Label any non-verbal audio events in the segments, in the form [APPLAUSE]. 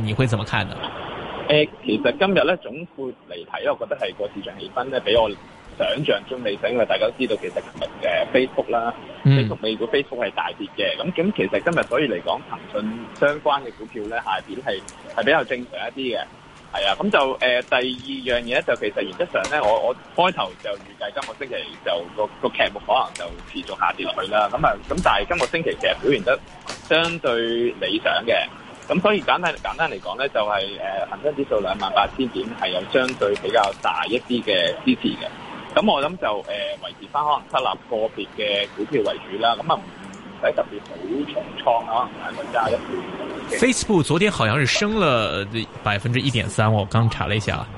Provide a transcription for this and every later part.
你會怎麼看呢？誒，其實今日咧，總括嚟睇，我覺得係個市場氣氛咧，比我想象中理想。因為大家都知道其 book、嗯，其實琴日嘅 Facebook 啦，Facebook 美股，Facebook 係大跌嘅。咁咁，其實今日所以嚟講，騰訊相關嘅股票咧，下跌係係比較正常一啲嘅。係啊，咁就誒、呃，第二樣嘢咧，就其實原則上咧，我我開頭就預計今個星期就、那個個劇目可能就持續下跌落去啦。咁啊，咁但係今個星期其實表現得相對理想嘅。咁所以簡體簡單嚟講呢，就係誒恆生指數兩萬八千點係有相對比較大一啲嘅支持嘅。咁我諗就誒、呃、維持返可能吸納個別嘅股票為主啦。咁啊，唔使特別好重倉咯，大概加一啲。Facebook 昨天好像是升了百分之一點三，我剛查了一下啊。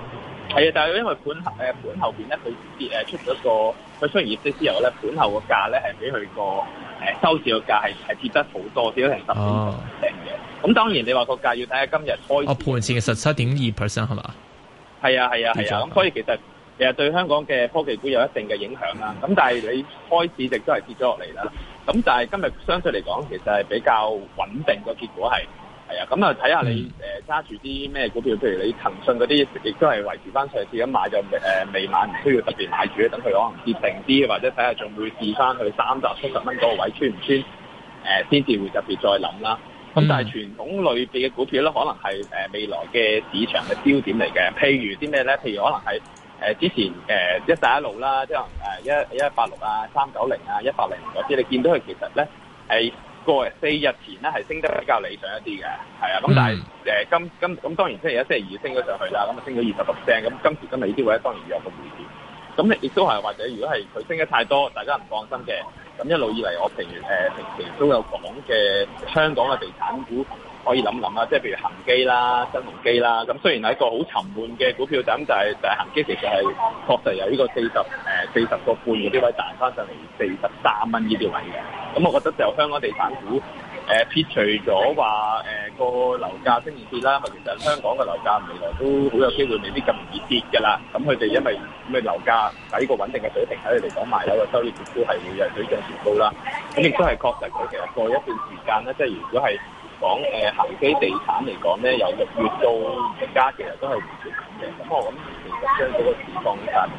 係啊，但係因為盤後面呢，佢跌誒出咗個佢出業績之後呢，盤後個價呢係比佢個收市個價係係跌得好多，啲，跌咗成十幾個 percent 嘅。Oh. 咁當然你看看，你話個價要睇下今日開。啊，盤前嘅十七點二 percent 係嘛？係啊，係啊，係啊。咁吧所以其實其實對香港嘅科技股有一定嘅影響啦。咁、嗯、但係你開市亦都係跌咗落嚟啦。咁但係今日相對嚟講，其實係比較穩定嘅結果係係啊。咁啊，睇下你揸、嗯呃、住啲咩股票，譬如你騰訊嗰啲亦都係維持翻上次咁買就、呃、未買，唔需要特別買住，等佢可能跌定啲，或者睇下仲會跌翻去三百七十蚊個位，穿唔穿誒先至會特別再諗啦。咁但係傳統類別嘅股票咧，可能係未來嘅市場嘅焦點嚟嘅。譬如啲咩咧？譬如可能係之前誒一帶一路啦，即係誒一一八六啊、三九零啊、一八零嗰啲，你見到佢其實咧係過四日前咧係升得比較理想一啲嘅。係啊，咁但係今今咁當然，星期一、星期二升咗上去啦，咁啊升咗二十六 percent 咁今時今日呢啲位當然有個回吐，咁亦都係或者，如果係佢升得太多，大家唔放心嘅。咁一路以嚟，我平誒、呃、平時都有講嘅香港嘅地產股，可以諗諗啦。即係譬如恒基啦、新鴻基啦。咁雖然係一個好沉悶嘅股票，咁就係、是、就係恆基其實係確實由呢個四十四十個半嘅低位彈翻上嚟四十三蚊呢條位嘅。咁我覺得就香港地產股。誒、呃、撇除咗話誒個樓價升跌啦，其實香港嘅樓價未來都好有機會未必咁易跌㗎啦。咁佢哋因為咩樓價喺個穩定嘅水平，喺佢嚟講賣樓嘅收益都係會有水漲船高啦。咁亦都係確實佢其實過一段時間咧，即係如果係講誒恆基地產嚟講咧，由六月到而家其實都係唔緊嘅，咁我咁將嗰個放生。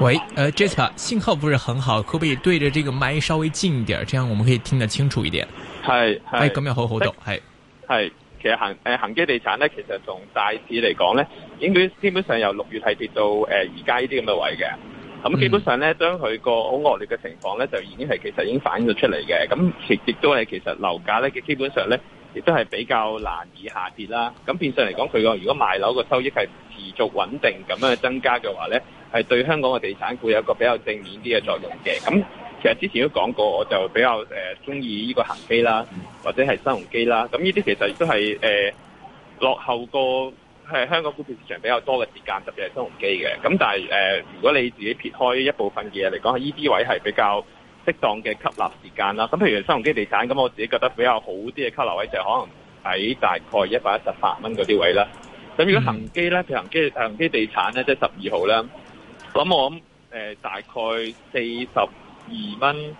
喂，誒、呃、Jessica，信號不是很好，可唔可以對着呢個麥稍微近一點，這樣我們可以聽得清楚一點？係係咁又好好讀係係，其實恒誒恒基地產咧，其實從大市嚟講咧，應該基本上由六月係跌到誒而家呢啲咁嘅位嘅，咁基本上咧，將佢個好惡劣嘅情況咧，就已經係其實已經反映咗出嚟嘅。咁其亦都係其實樓價咧嘅基本上咧，亦都係比較難以下跌啦。咁變相嚟講，佢個如果賣樓個收益係持續穩定咁樣去增加嘅話咧，係對香港嘅地產股有一個比較正面啲嘅作用嘅。咁其實之前都講過，我就比較誒中意呢個恒基啦，或者係新鴻基啦。咁呢啲其實亦都係誒、呃、落後過係、呃、香港股票市場比較多嘅時間，特別係新鴻基嘅。咁但係誒、呃，如果你自己撇開一部分嘢嚟講，喺呢啲位係比較適當嘅吸納時間啦。咁、嗯、譬如新鴻基地產，咁、嗯、我自己覺得比較好啲嘅吸納位就係可能喺大概一百一十八蚊嗰啲位啦。咁如果恒基咧，恆基恒基地產咧，即係十二號咧，咁我諗誒大概四十二蚊、嗯、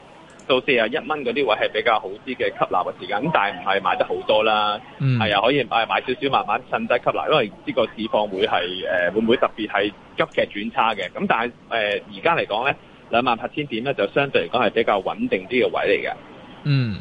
到四啊一蚊嗰啲位係比較好啲嘅吸納嘅時間，咁但係唔係買得好多啦，係啊可以買少少，慢慢趁低吸納，因為呢個市況會係誒會唔會特別係急劇轉差嘅，咁但係誒而家嚟講咧兩萬八千點咧就相對嚟講係比較穩定啲嘅位嚟嘅，嗯。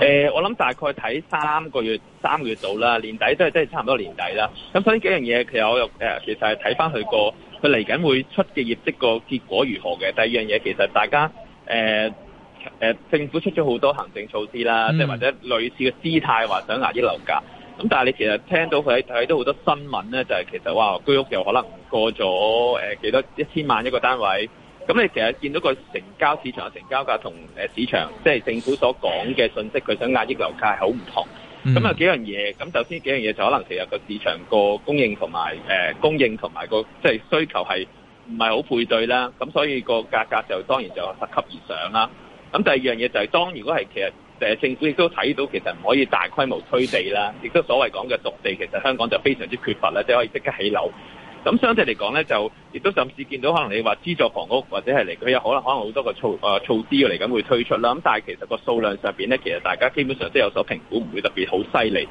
誒、 [MUSIC] 呃，我諗大概睇三個月、三個月到啦，年底都係即係差唔多年底啦。咁所以幾樣嘢，其實我又誒、呃，其實係睇翻佢個佢嚟緊會出嘅業績個結果如何嘅。第二樣嘢，其實大家誒誒、呃呃，政府出咗好多行政措施啦，即係或者類似嘅姿態，話想壓啲樓價。咁但係你其實聽到佢喺睇到好多新聞咧，就係、是、其實哇，居屋又可能過咗誒、呃，幾多一千萬一個單位。咁你其實見到個成交市場嘅成交價同誒、市場即係政府所講嘅信息，佢想壓抑樓價係好唔同。咁、嗯、有幾樣嘢，咁首先幾樣嘢就可能其實個市場個供應同埋誒、供應同埋個即係、就是、需求係唔係好配對啦。咁所以個價格就當然就十級而上啦。咁第二樣嘢就係、是、當如果係其實、就是、政府亦都睇到其實唔可以大規模推地啦，亦都所謂講嘅獨地其實香港就非常之缺乏啦，即係可以即刻起樓。咁相對嚟講咧，就亦都甚至見到可能你話資助房屋或者係嚟，佢有可能可能好多個措誒、呃、措施嚟緊會推出啦。咁但係其實個數量上面咧，其實大家基本上都有所評估，唔會特別好犀利。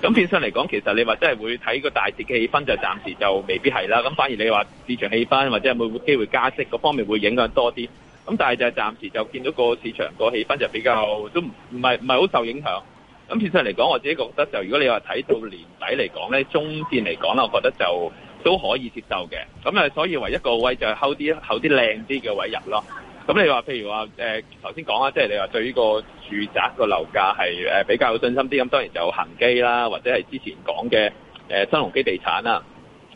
咁變相嚟講，其實你話真係會睇個大市嘅氣氛，就暫時就未必係啦。咁反而你話市場氣氛或者有冇機會加息嗰方面會影響多啲。咁但係就是暫時就見到個市場個氣氛就比較都唔係唔係好受影響。咁變相嚟講，我自己覺得就如果你話睇到年底嚟講咧，中線嚟講啦，我覺得就都可以接受嘅，咁啊，所以唯一,一個位就係後啲後啲靚啲嘅位入咯。咁你話譬如話誒頭先講啦，即、呃、係、就係、你話對呢個住宅個樓價係比較有信心啲，咁當然就恒基啦，或者係之前講嘅誒新鴻基地產啦。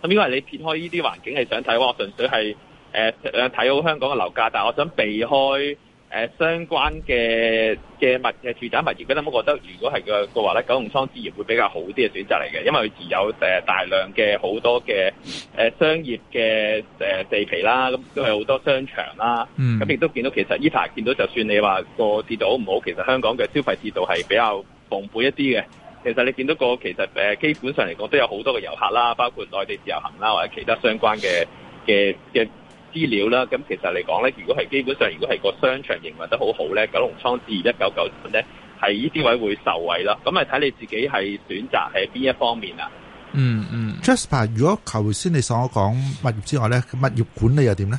咁因為你撇開呢啲環境係想睇，我純粹係誒誒睇好香港嘅樓價，但我想避開。誒、呃、相關嘅嘅物嘅住宅物業，咁我覺得如果係個，個話咧，九龍倉置業會比較好啲嘅選擇嚟嘅，因為佢持有、呃、大量嘅好多嘅誒、呃、商業嘅、呃、地皮啦，咁都係好多商場啦，咁亦、mm. 嗯、都見到其實依排見到，就算你話個節度好唔好，其實香港嘅消費節度係比較澎湃一啲嘅。其實你見到個其實基本上嚟講都有好多嘅遊客啦，包括內地自由行啦，或者其他相關嘅嘅嘅。資料啦，咁其實嚟講咧，如果係基本上，如果係個商場營運得好好咧，九龍倉置業一九九九咧，係呢啲位會受惠啦。咁啊，睇你自己係選擇喺邊一方面啊、mm hmm. 嗯？嗯嗯，Jasper，如果頭先你所講物業之外咧，物業管理又點咧？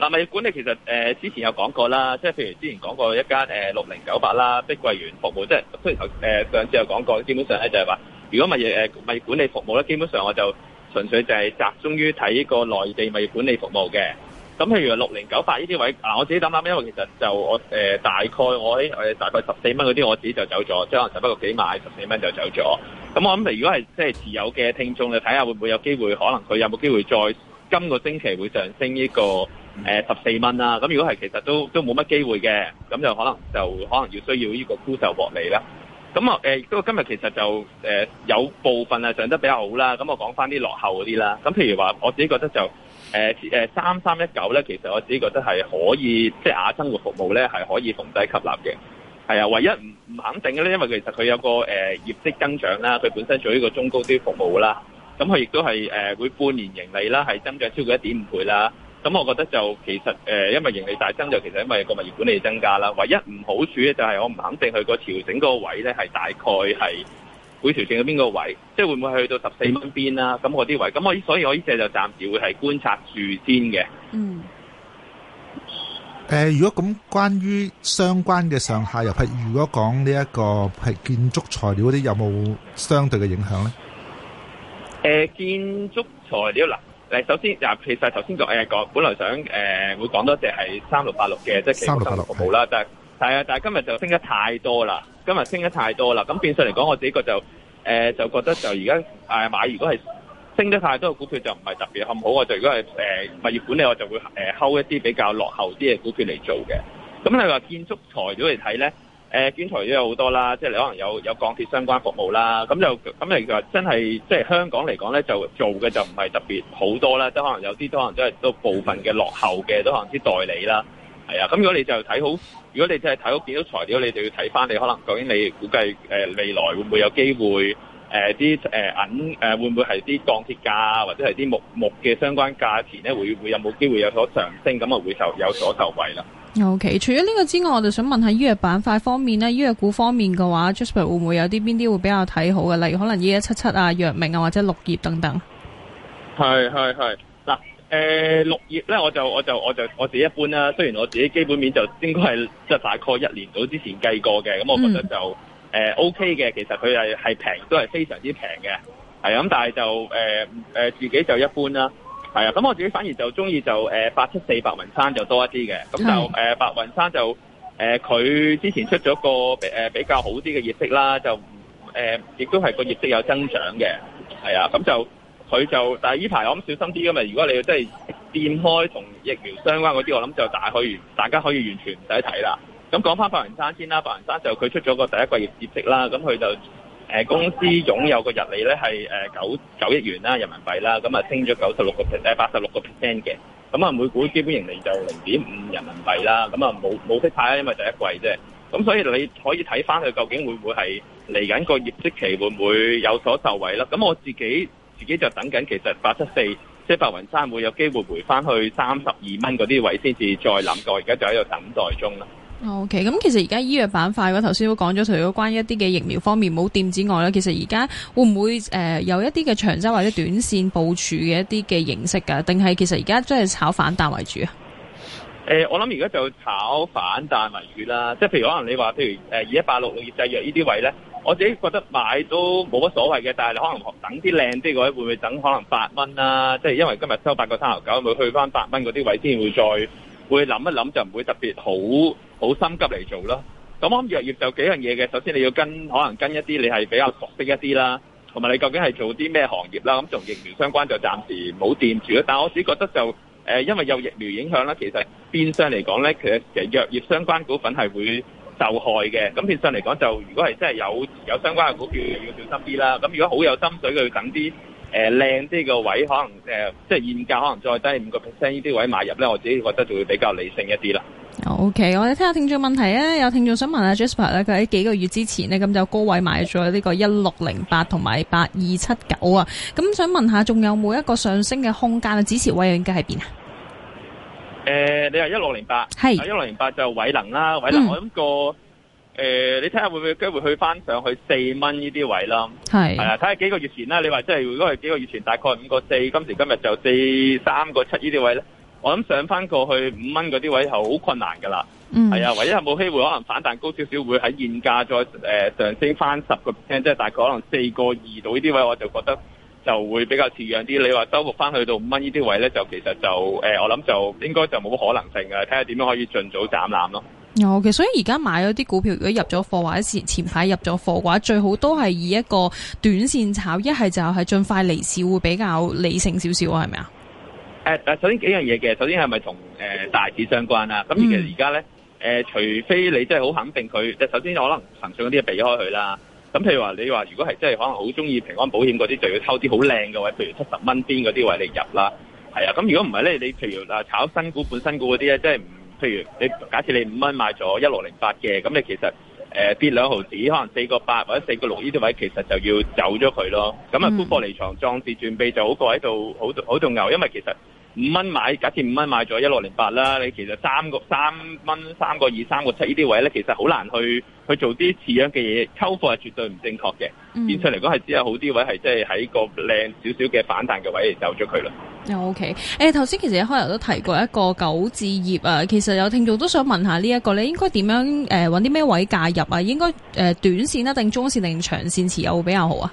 嗱，物業管理其實誒之前有講過啦，即係譬如之前講過一間誒六零九八啦，碧桂園服務，即係雖然頭誒上次有講過，基本上咧就係話，如果物業誒物業管理服務咧，基本上我就。純粹就係集中於睇呢個內地物業管理服務嘅，咁譬如六零九八呢啲位嗱，我自己諗諗，因為其實就我誒、呃、大概我喺我大概十四蚊嗰啲，我自己就走咗，即係可能十不過幾買十四蚊就走咗。咁我諗，如果係即係持有嘅聽眾你睇下會唔會有機會，可能佢有冇機會再今個星期會上升呢、呢個誒十四蚊啊？咁如果係其實都都冇乜機會嘅，咁就可能就可能要需要呢個沽售獲利啦。咁啊，誒不過今日其實就誒有部分啊上得比較好啦，咁我講翻啲落後嗰啲啦。咁譬如話，我自己覺得就誒誒三三一九咧，其實我自己覺得係可以，即係亞生活服務咧係可以逢低吸納嘅。係啊，唯一唔唔肯定嘅咧，因為其實佢有個誒業績增長啦，佢本身做呢個中高啲服務啦，咁佢亦都係會半年盈利啦，係增長超過一點五倍啦。咁我覺得就其實誒、呃，因為盈利大增就其實因為個物業管理增加啦。唯一唔好處咧就係我唔肯定佢個調整個位咧，係大概係會調整到邊個位，即係會唔會去到十四蚊邊啦、啊？咁嗰啲位，咁我所以我呢隻就暫時會係觀察住先嘅。嗯、呃。如果咁，關於相關嘅上下游係，如果講呢一個係建築材料嗰啲，有冇相對嘅影響咧、呃？建築材料嗱。首先，嗱，其實頭先就講，本來想誒、呃、會講多隻係三六八六嘅，即係三六八六個啦，但係啊，但係今日就升得太多啦，今日升得太多啦，咁變相嚟講，我自己就誒、呃、就覺得就而家誒買，如果係升得太多嘅股票就唔係特別唔好，我就如果係、呃、物業管理，我就會誒、呃、一啲比較落後啲嘅股票嚟做嘅，咁你話建築材料嚟睇咧？誒建材都有好多啦，即係你可能有有鋼鐵相關服務啦，咁就咁嚟就真係即係香港嚟講呢，就做嘅就唔係特別好多啦，即係可能有啲都可能都係都部分嘅落後嘅，都可能啲代理啦，係啊，咁如果你就睇好，如果你就係睇好幾多材料，你就要睇翻你可能究竟你估計誒未來會唔會有機會？誒啲誒銀誒、呃、會唔會係啲鋼鐵價、啊、或者係啲木木嘅相關價錢咧，會會有冇機會有所上升？咁啊會受有所受惠啦。OK，除咗呢個之外，我就想問下醫藥板塊方面咧，醫藥股方面嘅話，Jasper 會唔會有啲邊啲會比較睇好嘅？例如可能醫一七七啊、藥明啊，或者綠葉等等。係係係，嗱誒，綠葉咧，我就我就我就，我，就我自己一般啦。雖然我自己基本面就應該係即係大概一年到之前計過嘅，咁我覺得就。嗯誒、呃、OK 嘅，其實佢係平，都係非常之平嘅，係啊，咁但係就誒、呃呃、自己就一般啦，係啊，咁我自己反而就中意就誒、呃、八七四白雲山就多一啲嘅，咁就誒、呃、白雲山就誒佢、呃、之前出咗個比、呃、比較好啲嘅業績啦，就誒亦、呃、都係個業績有增長嘅，係啊，咁就佢就，但係呢排我諗小心啲㗎嘛。如果你要真係變開同疫苗相關嗰啲，我諗就大家可以，大家可以完全唔使睇啦。咁講翻白雲山先啦，白雲山就佢出咗個第一季業績啦，咁佢就誒公司擁有個日利咧係誒九九億元啦人民幣啦，咁啊升咗九十六個 percent，八十六個 percent 嘅，咁啊每股基本盈利就零點五人民幣啦，咁啊冇冇息派啦，因為第一季啫，咁所以你可以睇翻佢究竟會唔會係嚟緊個業績期會唔會有所受惠啦？咁我自己自己就等緊，其實八七四即係白雲山會有機會回翻去三十二蚊嗰啲位先至再諗過，而家就喺度等待中啦。O K，咁其實而家醫藥板塊，我頭先都講咗，除咗關於一啲嘅疫苗方面冇掂之外咧，其實而家會唔會誒、呃、有一啲嘅長周或者短線部署嘅一啲嘅形式噶？定係其實而家真係炒反彈為主啊？誒、呃，我諗而家就炒反彈為主啦。即係譬如可能你話，譬如誒一八六六製藥呢啲位咧，我自己覺得買都冇乜所謂嘅。但係你可能等啲靚啲嘅位置，會唔會等可能八蚊啦？即係因為今日收八個三毫九，會唔會去翻八蚊嗰啲位先會再？會諗一諗就唔會特別好好心急嚟做咯。咁我諗藥業就幾樣嘢嘅，首先你要跟可能跟一啲你係比較熟悉一啲啦，同埋你究竟係做啲咩行業啦。咁同疫苗相關就暫時冇掂住啦。但係我自己覺得就誒，因為有疫苗影響啦，其實變相嚟講咧，其實其實藥業相關股份係會受害嘅。咁變相嚟講就，如果係真係有有相關嘅股票要小心啲啦。咁如果好有心水佢，等啲。誒，靚啲嘅位，可能誒、呃，即係現價，可能再低五個 percent 呢啲位買入咧，我自己覺得就會比較理性一啲啦。O、okay, K，我哋聽下聽眾問題問啊，有聽眾想問下 Jasper 咧，佢喺幾個月之前呢，咁就高位買咗呢個一六零八同埋八二七九啊，咁想問下，仲有冇一個上升嘅空間啊？支持位應該喺邊啊？誒、呃，你話一六零八係一六零八就偉能啦，偉能。我諗個。嗯誒、呃，你睇下會唔會機會去翻上去四蚊呢啲位啦？係係是啊，睇下幾個月前啦，你話即係如果係幾個月前大概五個四，今時今日就四三個七呢啲位咧，我諗上翻過去五蚊嗰啲位係好困難㗎啦。嗯，係啊，唯一係冇機會可能反彈高少少，會喺現價再誒、呃、上升翻十個 percent，即係大概可能四個二度呢啲位，我就覺得就會比較似樣啲。你話收復翻去到五蚊呢啲位咧，就其實就誒、呃，我諗就應該就冇乜可能性㗎。睇下點樣可以盡早斬纜咯。有嘅，okay, 所以而家買咗啲股票，如果入咗貨或者前排入咗貨嘅話，最好都係以一個短線炒，一係就係盡快離市，會比較理性少少啊？係咪啊？誒，嗯、首先幾樣嘢嘅，首先係咪同誒大市相關啦？咁其實而家咧，誒，除非你真係好肯定佢，即首先可能騰訊嗰啲避開佢啦。咁譬如話你話如果係真係可能好中意平安保險嗰啲，就要抽啲好靚嘅位，譬如七十蚊邊嗰啲位嚟入啦。係啊，咁如果唔係咧，你譬如啊炒新股、半新股嗰啲咧，真係唔。譬如你假設你五蚊買咗一六零八嘅，咁你其實誒、呃、跌兩毫子，可能四個八或者四個六呢啲位，其實就要走咗佢咯。咁啊、嗯，沽貨離場，壯士斷臂，就好過喺度好度好做牛，因為其實。五蚊買，假設五蚊買咗一六零八啦，你其實三個三蚊、三個二、三個七呢啲位咧，其實好難去去做啲似樣嘅嘢，抽貨係絕對唔正確嘅。變相嚟講係只有好啲位係即係喺個靚少少嘅反彈嘅位嚟走咗佢咯。又 OK，誒頭先其實一開頭都提過一個九置業啊，其實有聽眾都想問下呢、這、一個，你應該點樣誒搵啲咩位介入啊？應該、呃、短線啊，定中線定長線持有會比較好啊？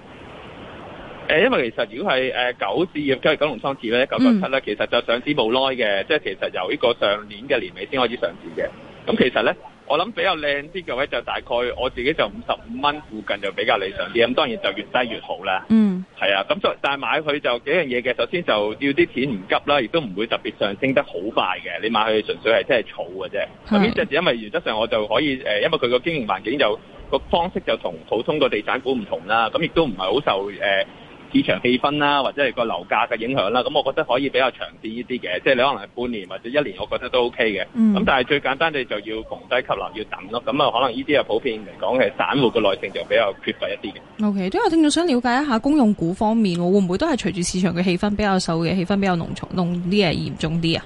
誒，因為其實如果係九置業，即九龍倉置咧、九九七咧，其實就上市冇耐嘅，即、就、係、是、其實由呢個上年嘅年尾先開始上市嘅。咁其實咧，我諗比較靚啲嘅位就大概我自己就五十五蚊附近就比較理想啲，咁當然就越低越好啦。嗯，係啊，咁就但係買佢就幾樣嘢嘅，首先就要啲錢唔急啦，亦都唔會特別上升得好快嘅。你買佢純粹係真係炒嘅啫。咁呢隻字因為原則上我就可以誒，因為佢個經營環境就個方式就同普通個地產股唔同啦，咁亦都唔係好受、呃市場氣氛啦，或者係個樓價嘅影響啦，咁我覺得可以比較長線呢啲嘅，即係你可能係半年或者一年，我覺得都 OK 嘅。咁、嗯、但係最簡單你就要逢低吸納，要等咯。咁啊，可能呢啲啊普遍嚟講係散戶嘅耐性就比較缺乏一啲嘅。O K，都有聽眾想了解一下公用股方面，我會唔會都係隨住市場嘅氣氛比較受嘅氣氛比較濃重、濃啲啊、嚴重啲啊？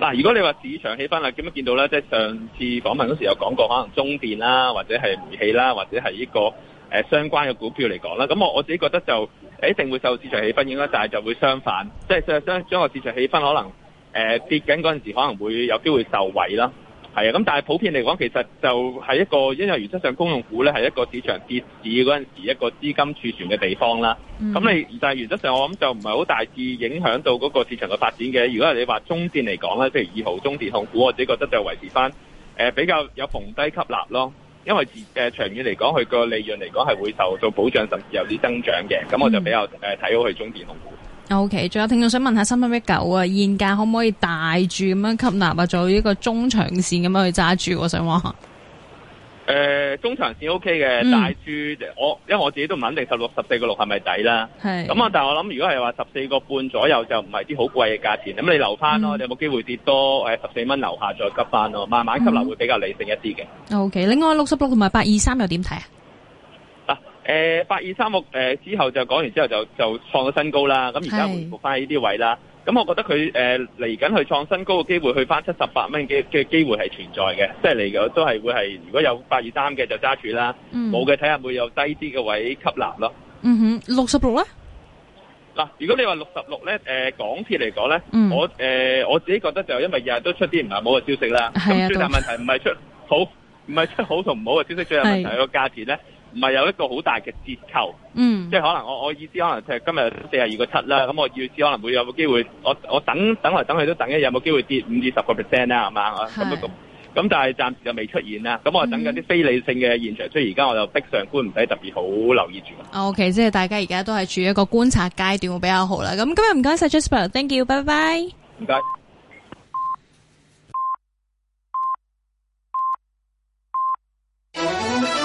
嗱，如果你話市場氣氛啊，咁啊見到咧，即係上次訪問嗰時候有講過，可能中電啦，或者係煤氣啦，或者係呢個。誒相關嘅股票嚟講啦，咁我我自己覺得就誒一定會受市場氣氛影響，但係就，就會相反，即、就、係、是、將將將個市場氣氛可能誒、呃、跌緊嗰陣時，可能會有機會受惠啦。係啊，咁但係普遍嚟講，其實就係一個因為原則上公用股咧係一個市場跌市嗰陣時一個資金儲存嘅地方啦。咁、mm hmm. 你但係原則上我諗就唔係好大致影響到嗰個市場嘅發展嘅。如果你話中電嚟講咧，譬如二號中電控股，我自己覺得就維持翻比較有逢低吸納咯。因為誒長遠嚟講，佢個利潤嚟講係會受到保障，甚至有啲增長嘅，咁我就比較誒睇好佢中電控股。OK，仲有聽眾想問下新新一九啊，現價可唔可以大住咁樣吸納啊？做呢個中長線咁樣去揸住，我想話。誒、呃，中長線 OK 嘅，嗯、大豬我，因為我自己都唔肯定 16, 14.，十六十四個六係咪抵啦？係咁啊，但係我諗，如果係話十四個半左右就唔係啲好貴嘅價錢，咁你留翻咯，嗯、你有冇機會跌多？誒、呃，十四蚊樓下再急翻咯，慢慢吸納會比較理性一啲嘅。嗯、o、okay, K，另外六十六同埋八二三又點睇啊？嗱、呃，誒、呃，八二三六誒之後就講完之後就就創咗新高是啦，咁而家回復翻呢啲位啦。咁我覺得佢誒嚟緊去創新高嘅機會，去翻七十八蚊嘅嘅機會係存在嘅，即係嚟嘅都係會係，如果有八二三嘅就揸住啦，冇嘅睇下會有低啲嘅位吸納咯。嗯哼，六十六咧？嗱，如果你話六十六咧，誒港鐵嚟講咧，我誒我自己覺得就因為日日都出啲唔係好嘅消息啦，咁最大問題唔係出好，唔係出好同唔好嘅消息，最大問題個價錢咧。唔係有一個好大嘅折扣，嗯，即係可能我我意思可能就係今日四十二個七啦，咁我意思可能會有冇機會，我我等等嚟等去都等一有冇機會跌五至十個 percent 啦，係嘛咁咁，咁係但係暫時就未出現啦，咁我就等緊啲非理性嘅現場，嗯、所以而家我就逼上觀唔使特別好留意住。OK，即係大家而家都係處於一個觀察階段會比較好啦。咁今日唔該晒 Jasper，thank you，拜拜。唔該。